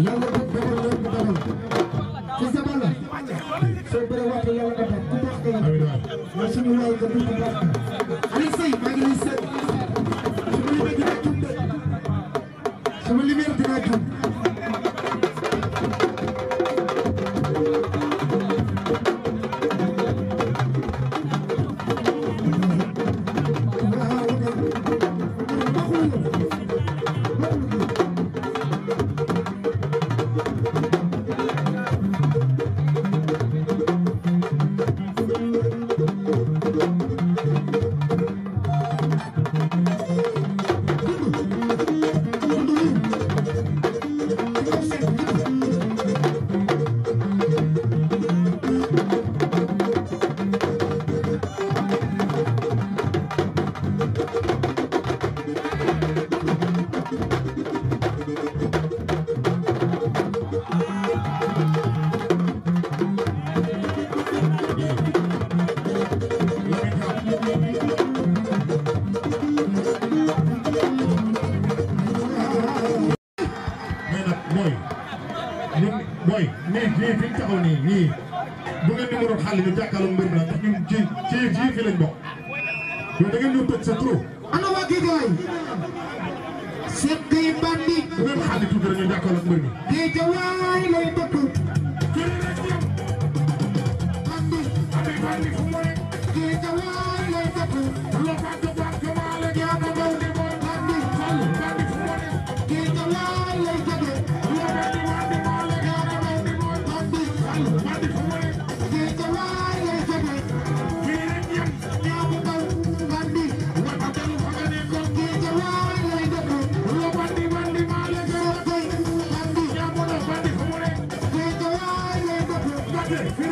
yàlla ko defal leen bu dara ci sama la soo bëree waxee yàlla ko def ku baax nga la suñu waay nga dugg baax nga Aliou Seye maa ngi lay seet alimi Good.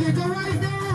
You go right there.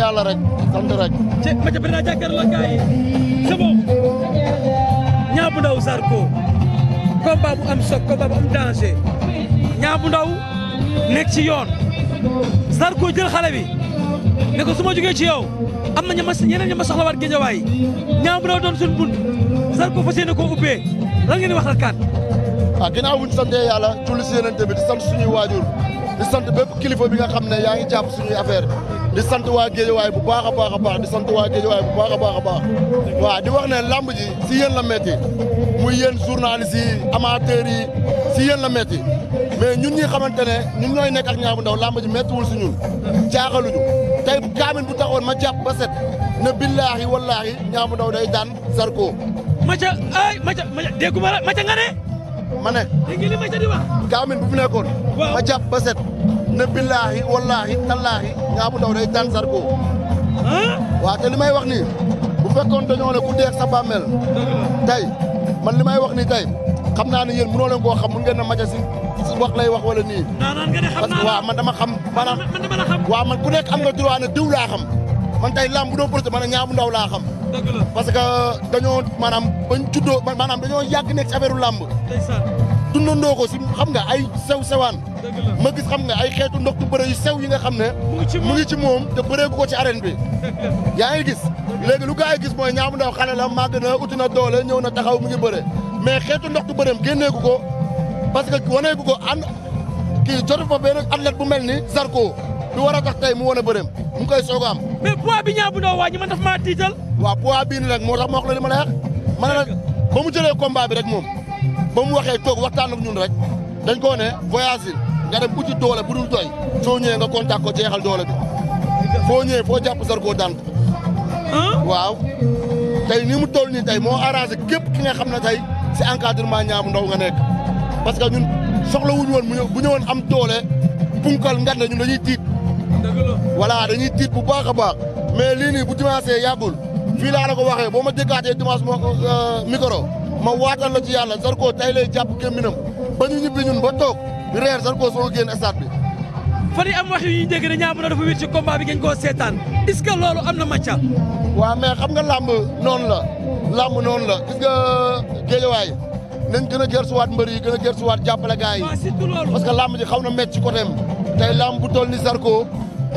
yàlla rek sant rek. je ma ca président jàkkaarloo gaa yi c'est bon bu Ndaw Zarko combat bu am choc combat bu am danger Niang bu Ndaw nekk ci yoon Zarko jël xale bi ne ko su ma ci yow am na ñu ma ñeneen ñu ma soxlawaat géejawaay Niang bu Ndaw doon suñu bunt Zarko fas yéene koo ubbee lan ngeen di wax alkaat. ah ginnaaw bu ñu sant yàlla julli tamit di sant suñuy waajur di sant bépp kilifa bi nga xam ne yaa ngi jàpp suñuy affaire di sant waa géejawaay bu baax a baax a baax di sant waa géejawaay bu baax a baax a baax waaw di wax ne lamb ji si yéen la metti muy yéen journalistes yi amateurs yi si yen la metti mais ñun ñi xamante ne ñun ñooy nekk ak Niang bu Ndaw lamb ji mettiwul si ñun jaaxaluñu tey kaamin bu taxoon ma jàpp ba set ne billaahi wallaahi Niang bu Ndaw day daan Zarko maca ay maca maca déggu ma la maca ma ne dégg li maca di wax kaamin bu fi nekkoon ma jàpp ba set ne billaahi wallaahi tallaahi Ngabou Ndaw day daan Zarko waaw te li wax nii bu fekkoon dañoo ne ku deex sa bàmmeel tey man li wax nii tey xam naa ne yéen mënoo leen koo xam mun ngeen na si wax lay wax wala nii parce que man dama xam maanaam waaw man ku nekk am nga droit ne diw laa xam man tay lamb bu doon projet man Ndaw laa xam parce que dañoo maanaam bañ juddoo maanaam dañoo yàgg nekk ci affaire lamb dundandoo ko si xam nga ay sew sewaan ma gis xam nga ay xeetu ndox bu bëre yu sew yi nga xam ne mu ngi ci moom te bëree bu ko ci arène bi yaa ngi gis léegi lu gaa yi gis mooy ñaamu ndaw xale la màgg na uti na doole ñëw na taxaw mu ngi bëre mais xeetu ndox bu bëreem génneeku ko parce que waneeku ko an kii jotu fa benn athlète bu mel ni Zarko du war a tax tey mu wane bëreem mu ngi koy soog a am mais poids bi ñaamu ndaw waa ñi man daf maa tiital waaw poids bii ni rek moo tax ma wax la ma la wax ma ne nag mu jëlee combat bi rek moom ba mu waxee toog waxtaan ak ñun rek dañ koo ne voyage nga dem uti doole bu dul doy soo ñëwee nga contact ko jeexal doole bi foo ñëwee foo jàpp Zarko daan ko waaw tey ni mu toll nii tey moo arrangé képp ki nga xam na tey si encadrement ñaamu ndaw nga nekk parce que ñun soxla wuñu woon bu ñëwoon am doole punkal ngan na ñun dañuy tiit voilà dañuy tiit bu baax a baax mais lii nii bu dimanche yàggul fii laa la ko waxee boo ma déggaatee dimanche moo euh, micro ma waatal la ci yàlla Zarko tey lay jàpp gémminam ba ñu ñibbi ba toog reer sax koo soog a génn stade bi. fan yi am wax yu ñuy dégg ne ñaar mën na dafa wér ci combat bi ngeen seetaan est-ce que loolu am na màcca. waaw mais xam nga làmb noonu la làmb noonu la gis nga géejawaay nañ gën a gërsuwaat mbër yi gën a gërsuwaat jàppale gars yi. parce que làmb ji xaw na métti ci côté am tey làmb bu toll ni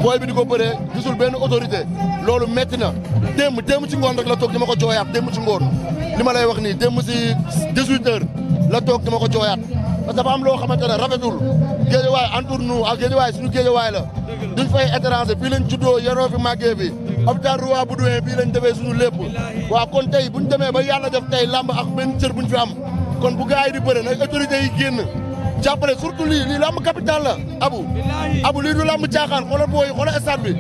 booy bi di ko bëree gisul benn autorité loolu métti na démb démb ci ngoon rek la toog di ko jooyaat démb ci ngoon li ma lay wax nii démb si 18 la toog di ko jooyaat. parce que am loo xamante ne rafetul géejawaay entre nous ak géejawaay suñu géejawaay la duñ fay étranger fii lañ juddoo yaroo fi màggee bi hôpital Roi Baudouin fii lañ defee kon tey buñ demee ba yàlla def tey lamb ak benn cër buñ fi am kon bu gars yi di bëre nag autorités yi génn jàppale lii lii làmb la abu abu lii du làmb caaxaan xoolal booy xoolal stade bi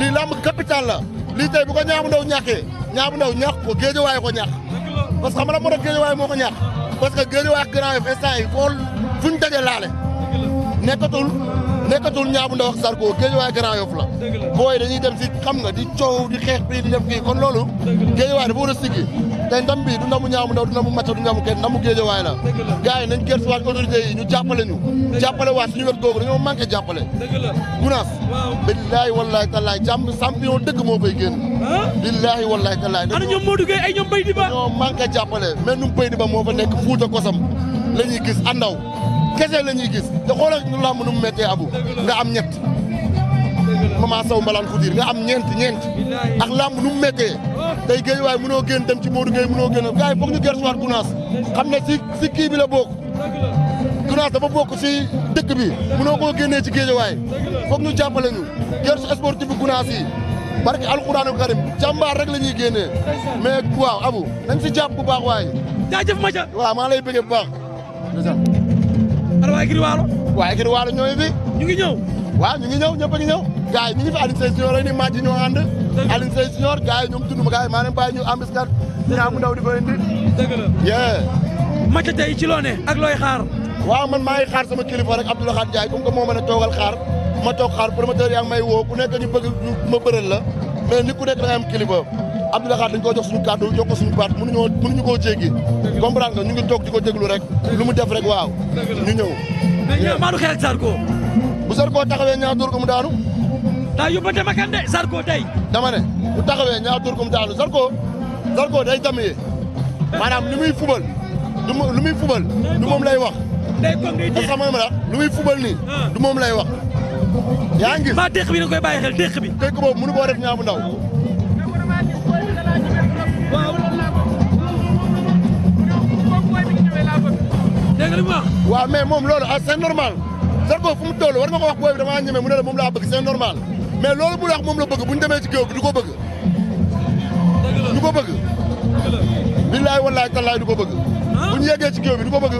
lii làmb capital la lii tey bu ko ñaamu ndaw ñàkkee ñaamu ndaw ñàkk ko géejawaay parce que Guédiawaye ak Grand Yoff instant yi foo fu ñu dajee laale nekkatul nekkatul ñaabu ndaw ak Zarko waa Grand Yoff la booy dañuy dem si xam nga di coow di xeex bii di def kii kon loolu Guédiawaye dafa war a siggi tey ndam bi du ndamu ñaamu ndaw du ndamu macca du ndamu kenn ndamu géejawaay la gars nañ gerte waat autorité ñu jàppale ñu jàppale waat suñu wet googu dañoo manqué jàppale gunaas billaahi wallaahi tallaay jàmm champion dëgg moo fay génn billaahi wallaahi tallaay ana ñoom Modou Gueye ay ñoom Baye Diba ñoo manqué jàppale mais nu Baye Diba moo fa nekk fuuta kosam la ñuy gis andaw kese la ñuy gis te xoolal ñu làmb nu mu méttee abu nga am ñett mama saw mbalaan ku diir nga am ñeent ñeent ak làmb nu mu méttee tey géej waaye mënoo génn dem ci Modou Gueye mënoo génn gars yi foog ñu gersuwaat Gunaas xam ne si si kii bi la bokk Gunaas si dëkk bi mënoo koo génnee ci géej waaye foog ñu jàppale ñu gersu sportif bi Gunaas yi barke alxuraanu karim jàmbaar rek la ñuy génnee mais waaw abu nañ si jàpp bu baax waaye jaajëf ma ca waaw maa lay bëggee bu baax waa Giri Waalo waaye Giri Waalo ñooy fi ñu ngi ñëw waaw ñu ngi ñëw ñëpp a ngi ñu fi Alioune Seye Junior rek ni match yi ñoo Alioune Seye Junior gars yi ñoom dund ma gars yi maa leen bàyyi ñu ambiskat ñaa bu ndaw di ko la yeah match ci loo ne ak looy xaar waaw man maa ngi xaar sama kilifa rek Abdoulaye Khat Ndiaye comme que moo mën a toogal xaar ma toog xaar promoteur yaa ngi may woo ku bëgg ma bëral la mais nit ku nekk dangay am kilifa Abdoulaye Khat dañ koo jox suñu kàddu jox ko suñu baat mënuñoo mënuñu koo jéggi comprendre nga ñu ngi toog di ko déglu rek lu mu def rek waaw ñu ñëw mais ñaa maa du xeex Zarko bu Zarko taxawee ñaa dóor ko mu daa yóbbante ma kan de Zarko tey. dama ne bu taxawee ñaar tur comme daanu Zarko Zarko day damyee maanaam li muy fubal du lu fubal du moom lay wax. day ko ngay fubal nii. Ah. du moom lay wax. yaa ngi gis maa déq bi da koy bàyyi xel déq bi. déq boobu mënu koo def ñaar bu ndaw. waaw. dégg nga mu wax. loolu ah c'est normal Zarko fu mu toll wax booy bi damaa ñeme mu ne la laa bëgg c'est normal. mais loolu mu wax moom la bëgg bu ñu demee ci géew bi du ko bëgg. du ko bëgg. billaay wallaay tallaay du bëgg. Ah. bu ñu yeggee ci géew bi du ko bëgg.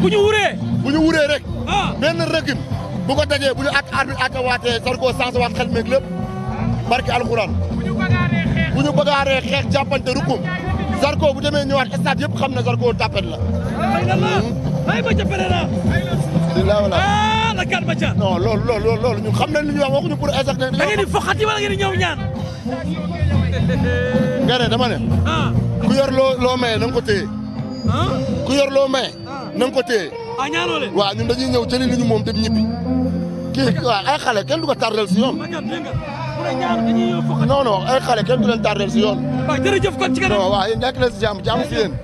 bu ñu wuree. bu ñu wuree rek. Ah. benn rëkkin bu ko dajee bu ñu at arbitre at waatee Zarko sens waat xel meeg lépp barki alxuraan. bu ñu bagaaree xeex jàppante rukkum Zarko bu demee ñëwaat stade yëpp xam na Zarko tapet la. ay la hmm? ma ay wala Karba Dia. non loolu loolu loolu ñun xam nañ li ñuy wax waxuñu pour échec. da ngeen di foxati wala ngeen di ñëw ñaan. nga ne dama ne. Ah. ku yor loo loo maye na nga ko téye. Ah. ku yor loo maye. na nga ko téye. ah ñaanoo leen waaw ñun dañuy ñëw jëli li ñu moom dem ñibbi. kii waaw ay xale kenn du ko tardel si yoon. non non ay xale kenn du leen tardel si yoon. waaw jërëjëf kon ci kanam. non waaw nekk leen si jàmm jàmm si yéen.